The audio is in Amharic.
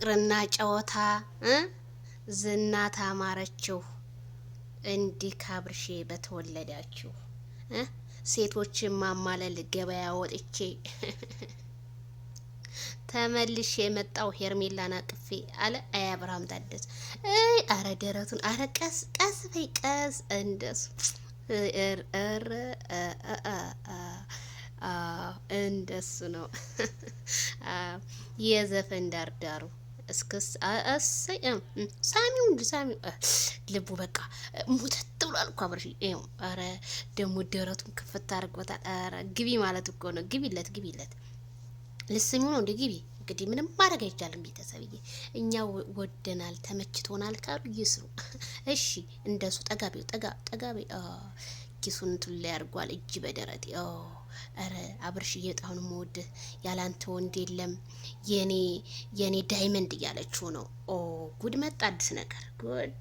ፍቅርና ጨዋታ ዝና ታማረችሁ። እንዲህ ካብርሼ በተወለዳችሁ ሴቶችን ማማለል ገበያ ወጥቼ ተመልሼ የመጣው ሄርሜላን አቅፌ አለ። አይ አብርሃም ታደሰ አረ ደረቱን አረ ቀስ ቀስ በይ ቀስ እንደሱ እንደሱ ነው የዘፈን ዳርዳሩ እስክስ ሳሚው ሳሚው ልቡ በቃ ሙተት ብሏል እኮ አብርሽ። አብረሽ። ኧረ ደግሞ ደረቱን ክፍት አድርጎታል። ኧረ ግቢ ማለት እኮ ነው። ግቢለት ግቢለት ልስኙ ነው እንደ ግቢ እንግዲህ ምንም ማድረግ አይቻልም። ቤተሰብዬ እኛ ወደናል፣ ተመችቶናል ካሉ ይስሩ። እሺ እንደሱ ጠጋቢው ጠጋ ጠጋቤ ኪሱን ቱላ ያርጓል እጅ በደረት አብርሽዬ በጣም የምወድህ ያላንተ ወንድ የለም የኔ የኔ ዳይመንድ እያለችው ነው። ኦ ጉድ መጣ አዲስ ነገር ጉድ